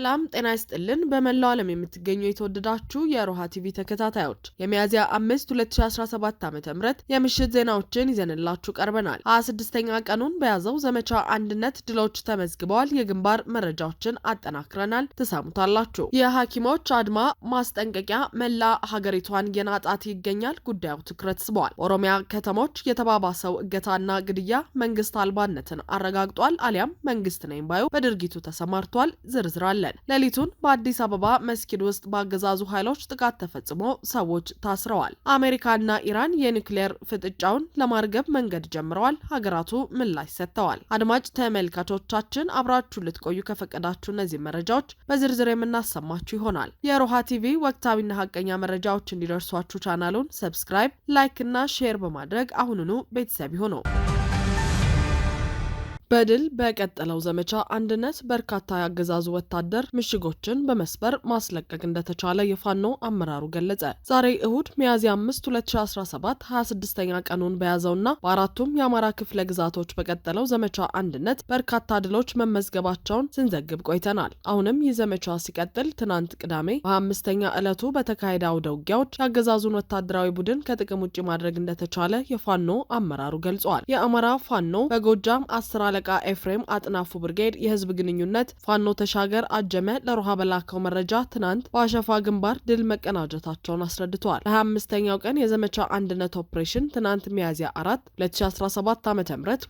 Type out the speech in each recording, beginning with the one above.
ሰላም ጤና ይስጥልን። በመላው ዓለም የምትገኙ የተወደዳችሁ የሮሃ ቲቪ ተከታታዮች የሚያዝያ አምስት 2017 ዓ ም የምሽት ዜናዎችን ይዘንላችሁ ቀርበናል። 26ኛ ቀኑን በያዘው ዘመቻ አንድነት ድሎች ተመዝግበዋል። የግንባር መረጃዎችን አጠናክረናል፣ ትሰሙታላችሁ። የሐኪሞች አድማ ማስጠንቀቂያ መላ ሀገሪቷን የናጣት ይገኛል። ጉዳዩ ትኩረት ስበዋል። ኦሮሚያ ከተሞች የተባባሰው እገታና ግድያ መንግስት አልባነትን አረጋግጧል። አሊያም መንግስት ነኝ ባዩ በድርጊቱ ተሰማርቷል። ዝርዝር አለ። እንገኛለን። ሌሊቱን በአዲስ አበባ መስጊድ ውስጥ በአገዛዙ ኃይሎች ጥቃት ተፈጽሞ ሰዎች ታስረዋል። አሜሪካና ኢራን የኒውክሌር ፍጥጫውን ለማርገብ መንገድ ጀምረዋል። ሀገራቱ ምላሽ ሰጥተዋል። አድማጭ ተመልካቾቻችን አብራችሁ ልትቆዩ ከፈቀዳችሁ እነዚህ መረጃዎች በዝርዝር የምናሰማችሁ ይሆናል። የሮሃ ቲቪ ወቅታዊና ሀቀኛ መረጃዎች እንዲደርሷችሁ ቻናሉን ሰብስክራይብ፣ ላይክ እና ሼር በማድረግ አሁኑኑ ቤተሰብ ይሁኑ። በድል በቀጠለው ዘመቻ አንድነት በርካታ የአገዛዙ ወታደር ምሽጎችን በመስበር ማስለቀቅ እንደተቻለ የፋኖ አመራሩ ገለጸ። ዛሬ እሁድ ሚያዝያ 5 2017 26ኛ ቀኑን በያዘውና በአራቱም የአማራ ክፍለ ግዛቶች በቀጠለው ዘመቻ አንድነት በርካታ ድሎች መመዝገባቸውን ስንዘግብ ቆይተናል። አሁንም ይህ ዘመቻ ሲቀጥል ትናንት ቅዳሜ በአምስተኛ ዕለቱ በተካሄደ አውደ ውጊያዎች የአገዛዙን ወታደራዊ ቡድን ከጥቅም ውጭ ማድረግ እንደተቻለ የፋኖ አመራሩ ገልጿል። የአማራ ፋኖ በጎጃም አስር ሻለቃ ኤፍሬም አጥናፉ ብርጌድ የህዝብ ግንኙነት ፋኖ ተሻገር አጀመ ለሮሃ በላከው መረጃ ትናንት በአሸፋ ግንባር ድል መቀናጀታቸውን አስረድተዋል። ለ25ኛው ቀን የዘመቻ አንድነት ኦፕሬሽን ትናንት ሚያዝያ 4 2017 ዓ ም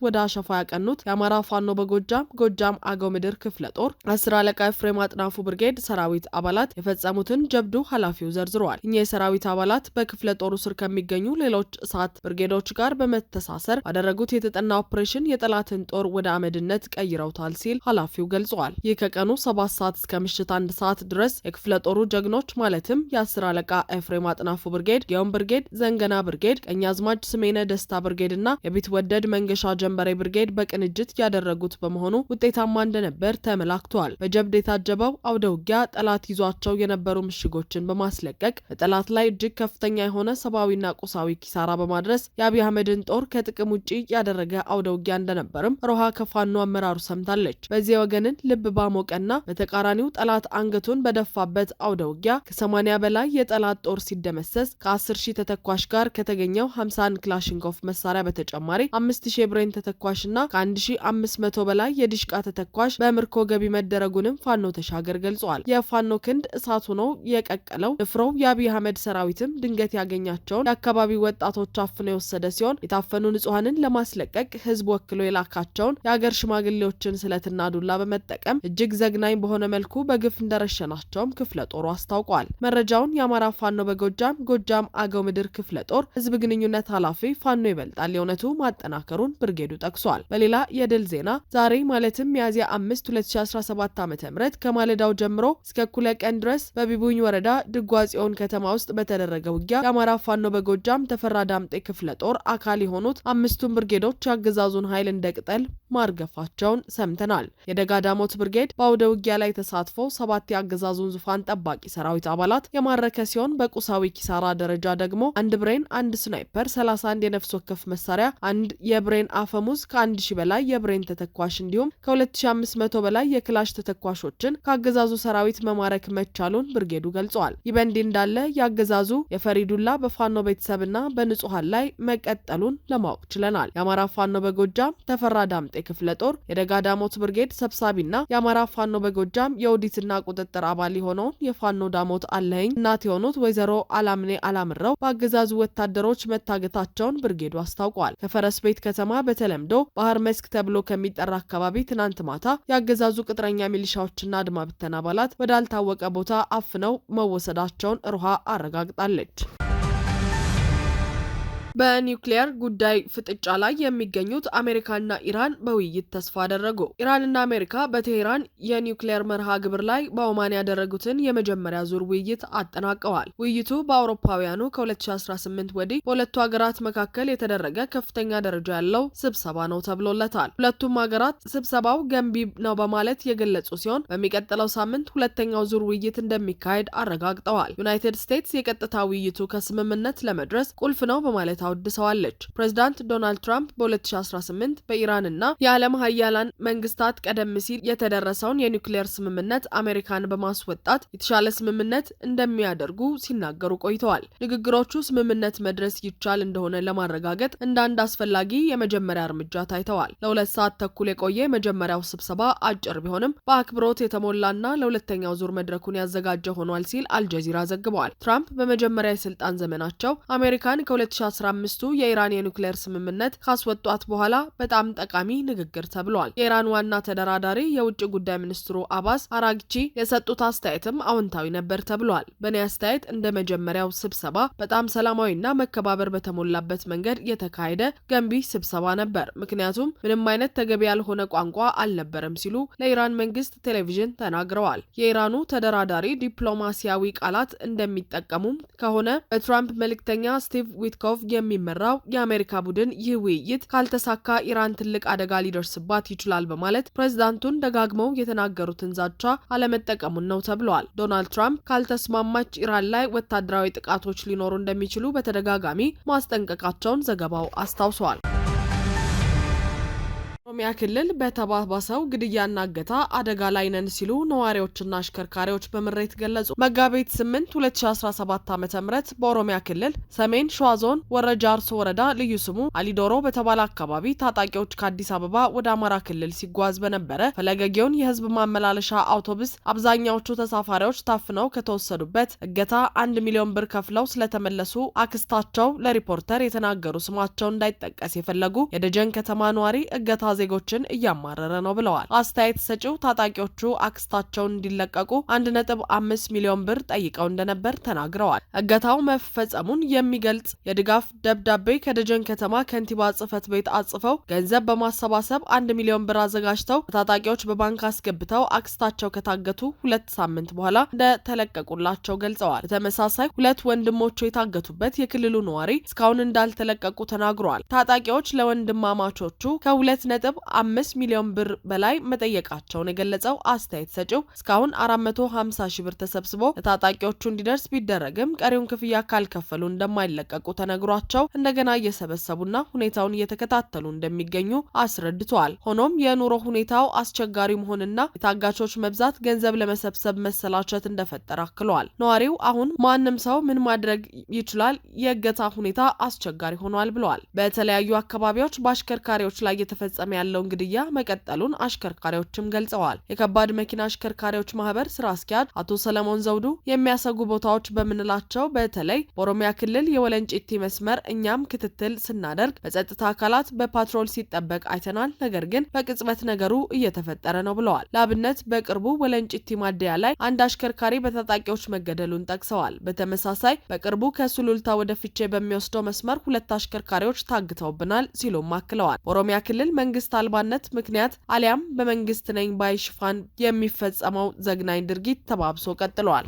ወደ አሸፋ ያቀኑት የአማራ ፋኖ በጎጃም ጎጃም አገው ምድር ክፍለ ጦር አስር አለቃ ኤፍሬም አጥናፉ ብርጌድ ሰራዊት አባላት የፈጸሙትን ጀብዱ ኃላፊው ዘርዝረዋል። እኛ የሰራዊት አባላት በክፍለ ጦሩ ስር ከሚገኙ ሌሎች እሳት ብርጌዶች ጋር በመተሳሰር ባደረጉት የተጠና ኦፕሬሽን የጠላትን ጦር ወደ አመድነት ቀይረውታል ሲል ኃላፊው ገልጿል። ይህ ከቀኑ ሰባት ሰዓት እስከ ምሽት አንድ ሰዓት ድረስ የክፍለ ጦሩ ጀግኖች ማለትም የአስር አለቃ ኤፍሬም አጥናፉ ብርጌድ፣ ጌዮን ብርጌድ፣ ዘንገና ብርጌድ፣ አዝማች ስሜነ ደስታ ብርጌድ እና ወደድ መንገሻ ጀንበሬ ብርጌድ በቅንጅት ያደረጉት በመሆኑ ውጤታማ እንደነበር ተመላክቷል። በጀብድ የታጀበው አውደ ውጊያ ጠላት ይዟቸው የነበሩ ምሽጎችን በማስለቀቅ በጠላት ላይ እጅግ ከፍተኛ የሆነ ሰብአዊና ቁሳዊ ኪሳራ በማድረስ የአብይ አህመድን ጦር ከጥቅም ውጪ ያደረገ አውደ ውጊያ እንደነበርም ሮሃ ከፋኖ አመራሩ ሰምታለች። በዚህ ወገንን ልብ ባሞቀና በተቃራኒው ጠላት አንገቱን በደፋበት አውደ ውጊያ ከሰማኒያ በላይ የጠላት ጦር ሲደመሰስ ከ ሺህ ተተኳሽ ጋር ከተገኘው 51 ክላሽንኮፍ መሳሪያ በተጨማሪ ሺህ የብሬን ተተኳሽና ከ መቶ በላይ የዲሽቃ ተተኳሽ በምርኮ ገቢ መደረጉንም ፋኖ ተሻገር ገልጿል። የፋኖ ክንድ እሳት ሆኖ የቀቀለው ንፍሮው የአብይ አህመድ ሰራዊትም ድንገት ያገኛቸውን የአካባቢ ወጣቶች አፍኖ የወሰደ ሲሆን የታፈኑ ንጹሐንን ለማስለቀቅ ህዝብ ወክሎ የላካቸውን የአገር ሽማግሌዎችን ስለትና ዱላ በመጠቀም እጅግ ዘግናኝ በሆነ መልኩ በግፍ እንደረሸናቸውም ክፍለ ጦሩ አስታውቋል። መረጃውን የአማራ ፋኖ በጎጃም ጎጃም አገው ምድር ክፍለ ጦር ህዝብ ግንኙነት ኃላፊ ፋኖ ይበልጣል የእውነቱ ማጠናከሩን ብርጌዱ ጠቅሷል። በሌላ የድል ዜና ዛሬ ማለትም ሚያዝያ አምስት 2017 ዓ ም ከማለዳው ጀምሮ እስከ እኩለ ቀን ድረስ በቢቡኝ ወረዳ ድጓጽዮን ከተማ ውስጥ በተደረገ ውጊያ የአማራ ፋኖ በጎጃም ተፈራ ዳምጤ ክፍለ ጦር አካል የሆኑት አምስቱን ብርጌዶች የአገዛዙን ኃይል እንደ ቅጠል ማርገፋቸውን ሰምተናል። የደጋዳሞት ብርጌድ በአውደ ውጊያ ላይ ተሳትፎ ሰባት የአገዛዙን ዙፋን ጠባቂ ሰራዊት አባላት የማረከ ሲሆን በቁሳዊ ኪሳራ ደረጃ ደግሞ አንድ ብሬን፣ አንድ ስናይፐር፣ 31 የነፍስ ወከፍ መሳሪያ፣ አንድ የብሬን አፈሙዝ፣ ከ1000 በላይ የብሬን ተተኳሽ እንዲሁም ከ2500 በላይ የክላሽ ተተኳሾችን ከአገዛዙ ሰራዊት መማረክ መቻሉን ብርጌዱ ገልጸዋል። ይህ በእንዲህ እንዳለ የአገዛዙ የፈሪዱላ በፋኖ ቤተሰብና በንጹሐን ላይ መቀጠሉን ለማወቅ ችለናል። የአማራ ፋኖ በጎጃም ተፈራ ዳምጤ ክፍለ ጦር የደጋዳሞት ብርጌድ ሰብሳቢና የአማራ ፋኖ በጎጃም የኦዲትና ቁጥጥር አባል የሆነውን የፋኖ ዳሞት አለኸኝ እናት የሆኑት ወይዘሮ አላምኔ አላምረው በአገዛዙ ወታደሮች መታገታቸውን ብርጌዱ አስታውቋል። ከፈረስ ቤት ከተማ በተለምዶ ባህር መስክ ተብሎ ከሚጠራ አካባቢ ትናንት ማታ የአገዛዙ ቅጥረኛ ሚሊሻዎችና አድማ ብተን አባላት ወዳልታወቀ ቦታ አፍነው መወሰዳቸውን ሩሃ አረጋግጣለች። በኒውክሊየር ጉዳይ ፍጥጫ ላይ የሚገኙት አሜሪካና ኢራን በውይይት ተስፋ አደረጉ። ኢራንና አሜሪካ በቴሄራን የኒውክሊየር መርሃ ግብር ላይ በኦማን ያደረጉትን የመጀመሪያ ዙር ውይይት አጠናቀዋል። ውይይቱ በአውሮፓውያኑ ከ2018 ወዲህ በሁለቱ ሀገራት መካከል የተደረገ ከፍተኛ ደረጃ ያለው ስብሰባ ነው ተብሎለታል። ሁለቱም ሀገራት ስብሰባው ገንቢ ነው በማለት የገለጹ ሲሆን በሚቀጥለው ሳምንት ሁለተኛው ዙር ውይይት እንደሚካሄድ አረጋግጠዋል። ዩናይትድ ስቴትስ የቀጥታ ውይይቱ ከስምምነት ለመድረስ ቁልፍ ነው በማለት በድፍረት አወድሰዋለች። ፕሬዚዳንት ዶናልድ ትራምፕ በ2018 በኢራንና የዓለም ሀያላን መንግስታት ቀደም ሲል የተደረሰውን የኒውክሌር ስምምነት አሜሪካን በማስወጣት የተሻለ ስምምነት እንደሚያደርጉ ሲናገሩ ቆይተዋል። ንግግሮቹ ስምምነት መድረስ ይቻል እንደሆነ ለማረጋገጥ እንዳንድ አስፈላጊ የመጀመሪያ እርምጃ ታይተዋል። ለሁለት ሰዓት ተኩል የቆየ የመጀመሪያው ስብሰባ አጭር ቢሆንም በአክብሮት የተሞላና ለሁለተኛው ዙር መድረኩን ያዘጋጀ ሆኗል ሲል አልጀዚራ ዘግበዋል። ትራምፕ በመጀመሪያ የስልጣን ዘመናቸው አሜሪካን ከ2015 አምስቱ የኢራን የኑክሌር ስምምነት ካስወጧት በኋላ በጣም ጠቃሚ ንግግር ተብሏል። የኢራን ዋና ተደራዳሪ የውጭ ጉዳይ ሚኒስትሩ አባስ አራግቺ የሰጡት አስተያየትም አዎንታዊ ነበር ተብሏል። በእኔ አስተያየት እንደ መጀመሪያው ስብሰባ በጣም ሰላማዊና መከባበር በተሞላበት መንገድ የተካሄደ ገንቢ ስብሰባ ነበር፣ ምክንያቱም ምንም አይነት ተገቢ ያልሆነ ቋንቋ አልነበረም ሲሉ ለኢራን መንግስት ቴሌቪዥን ተናግረዋል። የኢራኑ ተደራዳሪ ዲፕሎማሲያዊ ቃላት እንደሚጠቀሙም ከሆነ በትራምፕ መልእክተኛ ስቲቭ ዊትኮቭ የሚመራው የአሜሪካ ቡድን ይህ ውይይት ካልተሳካ ኢራን ትልቅ አደጋ ሊደርስባት ይችላል በማለት ፕሬዚዳንቱን ደጋግመው የተናገሩትን ዛቻ አለመጠቀሙን ነው ተብለዋል። ዶናልድ ትራምፕ ካልተስማማች ኢራን ላይ ወታደራዊ ጥቃቶች ሊኖሩ እንደሚችሉ በተደጋጋሚ ማስጠንቀቃቸውን ዘገባው አስታውሰዋል። ኦሮሚያ ክልል በተባባሰው ግድያና እገታ አደጋ ላይ ነን ሲሉ ነዋሪዎችና አሽከርካሪዎች በምሬት ገለጹ። መጋቢት 8 2017 ዓ ም በኦሮሚያ ክልል ሰሜን ሸዋ ዞን ወረጃ አርሶ ወረዳ ልዩ ስሙ አሊዶሮ በተባለ አካባቢ ታጣቂዎች ከአዲስ አበባ ወደ አማራ ክልል ሲጓዝ በነበረ ፈለገጌውን የህዝብ ማመላለሻ አውቶቡስ አብዛኛዎቹ ተሳፋሪዎች ታፍነው ከተወሰዱበት እገታ አንድ ሚሊዮን ብር ከፍለው ስለተመለሱ አክስታቸው ለሪፖርተር የተናገሩ ስማቸው እንዳይጠቀስ የፈለጉ የደጀን ከተማ ነዋሪ እገታ ዜጎችን እያማረረ ነው ብለዋል። አስተያየት ሰጪው ታጣቂዎቹ አክስታቸውን እንዲለቀቁ አንድ ነጥብ አምስት ሚሊዮን ብር ጠይቀው እንደነበር ተናግረዋል። እገታው መፈጸሙን የሚገልጽ የድጋፍ ደብዳቤ ከደጀን ከተማ ከንቲባ ጽህፈት ቤት አጽፈው ገንዘብ በማሰባሰብ አንድ ሚሊዮን ብር አዘጋጅተው ታጣቂዎች በባንክ አስገብተው አክስታቸው ከታገቱ ሁለት ሳምንት በኋላ እንደተለቀቁላቸው ገልጸዋል። በተመሳሳይ ሁለት ወንድሞቹ የታገቱበት የክልሉ ነዋሪ እስካሁን እንዳልተለቀቁ ተናግረዋል። ታጣቂዎች ለወንድማማቾቹ ከሁለት ነጥ ነጥብ አምስት ሚሊዮን ብር በላይ መጠየቃቸውን የገለጸው አስተያየት ሰጪው እስካሁን አራት መቶ ሀምሳ ሺህ ብር ተሰብስቦ ለታጣቂዎቹ እንዲደርስ ቢደረግም ቀሪውን ክፍያ ካልከፈሉ እንደማይለቀቁ ተነግሯቸው እንደገና እየሰበሰቡና ሁኔታውን እየተከታተሉ እንደሚገኙ አስረድቷል። ሆኖም የኑሮ ሁኔታው አስቸጋሪ መሆንና የታጋቾች መብዛት ገንዘብ ለመሰብሰብ መሰላቸት እንደፈጠረ አክለዋል። ነዋሪው አሁን ማንም ሰው ምን ማድረግ ይችላል? የእገታ ሁኔታ አስቸጋሪ ሆኗል ብለዋል። በተለያዩ አካባቢዎች በአሽከርካሪዎች ላይ የተፈጸመ እየተፈጸመ ያለውን ግድያ መቀጠሉን አሽከርካሪዎችም ገልጸዋል። የከባድ መኪና አሽከርካሪዎች ማህበር ስራ አስኪያጅ አቶ ሰለሞን ዘውዱ የሚያሰጉ ቦታዎች በምንላቸው በተለይ በኦሮሚያ ክልል የወለንጭቲ መስመር እኛም ክትትል ስናደርግ በጸጥታ አካላት በፓትሮል ሲጠበቅ አይተናል። ነገር ግን በቅጽበት ነገሩ እየተፈጠረ ነው ብለዋል። ለአብነት በቅርቡ ወለንጭቲ ማደያ ላይ አንድ አሽከርካሪ በታጣቂዎች መገደሉን ጠቅሰዋል። በተመሳሳይ በቅርቡ ከሱሉልታ ወደ ፍቼ በሚወስደው መስመር ሁለት አሽከርካሪዎች ታግተውብናል ሲሉም አክለዋል። በኦሮሚያ ክልል መንግስት በመንግስት አልባነት ምክንያት አሊያም በመንግስት ነኝ ባይ ሽፋን የሚፈጸመው ዘግናኝ ድርጊት ተባብሶ ቀጥሏል።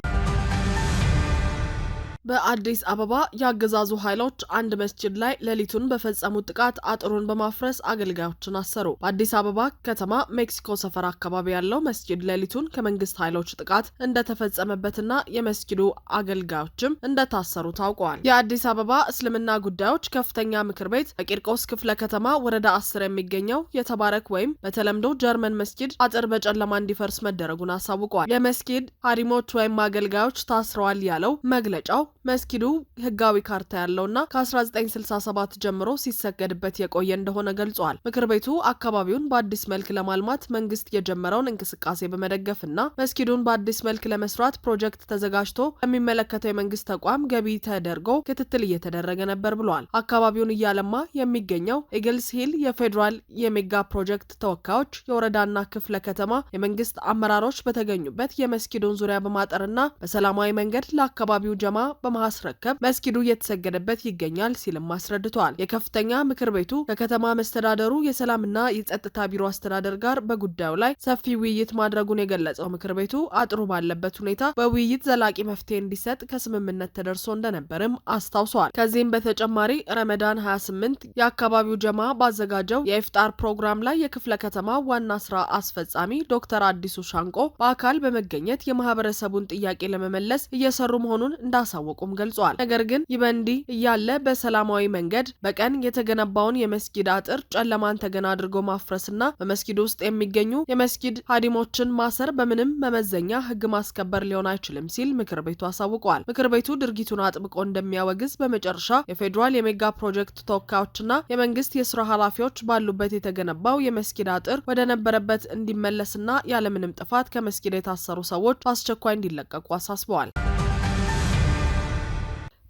በአዲስ አበባ የአገዛዙ ኃይሎች አንድ መስጂድ ላይ ሌሊቱን በፈጸሙት ጥቃት አጥሩን በማፍረስ አገልጋዮችን አሰሩ። በአዲስ አበባ ከተማ ሜክሲኮ ሰፈር አካባቢ ያለው መስጅድ ሌሊቱን ከመንግስት ኃይሎች ጥቃት እንደተፈጸመበትና የመስጅዱ አገልጋዮችም እንደታሰሩ ታውቋል። የአዲስ አበባ እስልምና ጉዳዮች ከፍተኛ ምክር ቤት በቂርቆስ ክፍለ ከተማ ወረዳ አስር የሚገኘው የተባረክ ወይም በተለምዶ ጀርመን መስጅድ አጥር በጨለማ እንዲፈርስ መደረጉን አሳውቋል። የመስጂድ ሀሪሞች ወይም አገልጋዮች ታስረዋል ያለው መግለጫው መስጊዱ ህጋዊ ካርታ ያለውና ከ1967 ጀምሮ ሲሰገድበት የቆየ እንደሆነ ገልጿል። ምክር ቤቱ አካባቢውን በአዲስ መልክ ለማልማት መንግስት የጀመረውን እንቅስቃሴ በመደገፍና መስጊዱን በአዲስ መልክ ለመስራት ፕሮጀክት ተዘጋጅቶ ለሚመለከተው የመንግስት ተቋም ገቢ ተደርጎ ክትትል እየተደረገ ነበር ብሏል። አካባቢውን እያለማ የሚገኘው ኢግልስ ሂል የፌዴራል የሜጋ ፕሮጀክት ተወካዮች፣ የወረዳና ክፍለ ከተማ የመንግስት አመራሮች በተገኙበት የመስጊዱን ዙሪያ በማጠርና በሰላማዊ መንገድ ለአካባቢው ጀማ በማስረከብ መስጊዱ እየተሰገደበት ይገኛል ሲልም አስረድቷል። የከፍተኛ ምክር ቤቱ ከከተማ መስተዳደሩ የሰላምና የጸጥታ ቢሮ አስተዳደር ጋር በጉዳዩ ላይ ሰፊ ውይይት ማድረጉን የገለጸው ምክር ቤቱ አጥሩ ባለበት ሁኔታ በውይይት ዘላቂ መፍትሄ እንዲሰጥ ከስምምነት ተደርሶ እንደነበርም አስታውሷል። ከዚህም በተጨማሪ ረመዳን 28 የአካባቢው ጀማ ባዘጋጀው የኢፍጣር ፕሮግራም ላይ የክፍለ ከተማ ዋና ስራ አስፈጻሚ ዶክተር አዲሱ ሻንቆ በአካል በመገኘት የማህበረሰቡን ጥያቄ ለመመለስ እየሰሩ መሆኑን እንዳሳወቁ እንደሚያውቁም ገልጿል። ነገር ግን ይህ በእንዲህ እያለ በሰላማዊ መንገድ በቀን የተገነባውን የመስጊድ አጥር ጨለማን ተገን አድርጎ ማፍረስና በመስጊድ ውስጥ የሚገኙ የመስጊድ ሀዲሞችን ማሰር በምንም መመዘኛ ሕግ ማስከበር ሊሆን አይችልም ሲል ምክር ቤቱ አሳውቋል። ምክር ቤቱ ድርጊቱን አጥብቆ እንደሚያወግዝ በመጨረሻ የፌዴራል የሜጋ ፕሮጀክት ተወካዮችና የመንግስት የስራ ኃላፊዎች ባሉበት የተገነባው የመስጊድ አጥር ወደ ነበረበት እንዲመለስና ያለምንም ጥፋት ከመስጊድ የታሰሩ ሰዎች በአስቸኳይ እንዲለቀቁ አሳስበዋል።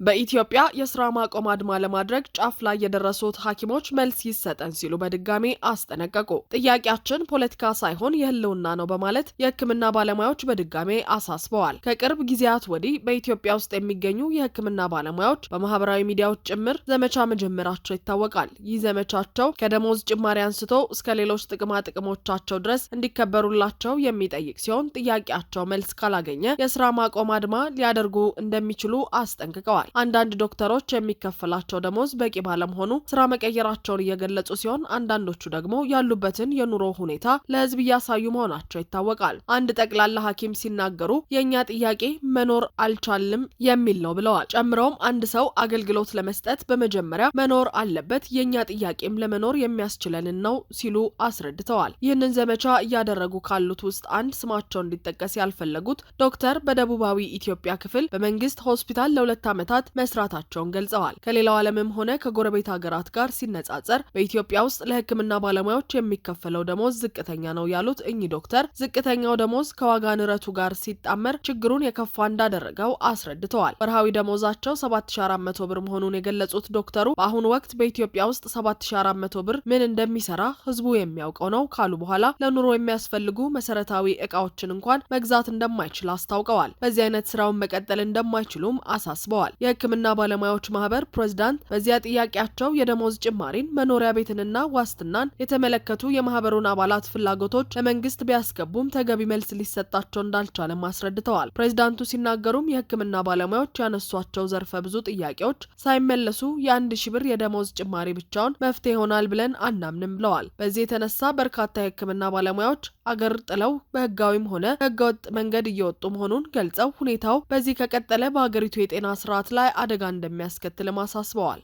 በኢትዮጵያ የስራ ማቆም አድማ ለማድረግ ጫፍ ላይ የደረሱት ሐኪሞች መልስ ይሰጠን ሲሉ በድጋሚ አስጠነቀቁ። ጥያቄያችን ፖለቲካ ሳይሆን የህልውና ነው በማለት የህክምና ባለሙያዎች በድጋሜ አሳስበዋል። ከቅርብ ጊዜያት ወዲህ በኢትዮጵያ ውስጥ የሚገኙ የህክምና ባለሙያዎች በማህበራዊ ሚዲያዎች ጭምር ዘመቻ መጀመራቸው ይታወቃል። ይህ ዘመቻቸው ከደሞዝ ጭማሪ አንስቶ እስከ ሌሎች ጥቅማ ጥቅሞቻቸው ድረስ እንዲከበሩላቸው የሚጠይቅ ሲሆን ጥያቄያቸው መልስ ካላገኘ የስራ ማቆም አድማ ሊያደርጉ እንደሚችሉ አስጠንቅቀዋል። አንዳንድ ዶክተሮች የሚከፈላቸው ደሞዝ በቂ ባለመሆኑ ስራ መቀየራቸውን እየገለጹ ሲሆን አንዳንዶቹ ደግሞ ያሉበትን የኑሮ ሁኔታ ለህዝብ እያሳዩ መሆናቸው ይታወቃል። አንድ ጠቅላላ ሐኪም ሲናገሩ የእኛ ጥያቄ መኖር አልቻልም የሚል ነው ብለዋል። ጨምረውም አንድ ሰው አገልግሎት ለመስጠት በመጀመሪያ መኖር አለበት፣ የእኛ ጥያቄም ለመኖር የሚያስችለንን ነው ሲሉ አስረድተዋል። ይህንን ዘመቻ እያደረጉ ካሉት ውስጥ አንድ ስማቸው እንዲጠቀስ ያልፈለጉት ዶክተር በደቡባዊ ኢትዮጵያ ክፍል በመንግስት ሆስፒታል ለሁለት ዓመታት ለማበረታታት መስራታቸውን ገልጸዋል። ከሌላው ዓለምም ሆነ ከጎረቤት ሀገራት ጋር ሲነጻጸር በኢትዮጵያ ውስጥ ለሕክምና ባለሙያዎች የሚከፈለው ደሞዝ ዝቅተኛ ነው ያሉት እኚህ ዶክተር ዝቅተኛው ደሞዝ ከዋጋ ንረቱ ጋር ሲጣመር ችግሩን የከፋ እንዳደረገው አስረድተዋል። ወርሃዊ ደሞዛቸው 7400 ብር መሆኑን የገለጹት ዶክተሩ በአሁኑ ወቅት በኢትዮጵያ ውስጥ 7400 ብር ምን እንደሚሰራ ህዝቡ የሚያውቀው ነው ካሉ በኋላ ለኑሮ የሚያስፈልጉ መሰረታዊ እቃዎችን እንኳን መግዛት እንደማይችል አስታውቀዋል። በዚህ አይነት ስራውን መቀጠል እንደማይችሉም አሳስበዋል። የሕክምና ባለሙያዎች ማህበር ፕሬዚዳንት በዚያ ጥያቄያቸው የደሞዝ ጭማሪን፣ መኖሪያ ቤትንና ዋስትናን የተመለከቱ የማህበሩን አባላት ፍላጎቶች ለመንግስት ቢያስገቡም ተገቢ መልስ ሊሰጣቸው እንዳልቻለም አስረድተዋል። ፕሬዚዳንቱ ሲናገሩም የሕክምና ባለሙያዎች ያነሷቸው ዘርፈ ብዙ ጥያቄዎች ሳይመለሱ የአንድ ሺ ብር የደሞዝ ጭማሪ ብቻውን መፍትሄ ይሆናል ብለን አናምንም ብለዋል። በዚህ የተነሳ በርካታ የሕክምና ባለሙያዎች አገር ጥለው በህጋዊም ሆነ ህገወጥ መንገድ እየወጡ መሆኑን ገልጸው ሁኔታው በዚህ ከቀጠለ በሀገሪቱ የጤና ስርዓት ላይ አደጋ እንደሚያስከትልም አሳስበዋል።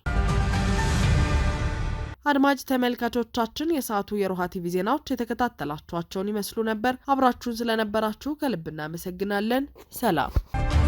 አድማጭ ተመልካቾቻችን የሰዓቱ የሮሃ ቲቪ ዜናዎች የተከታተላችኋቸውን ይመስሉ ነበር። አብራችሁን ስለነበራችሁ ከልብ እናመሰግናለን። ሰላም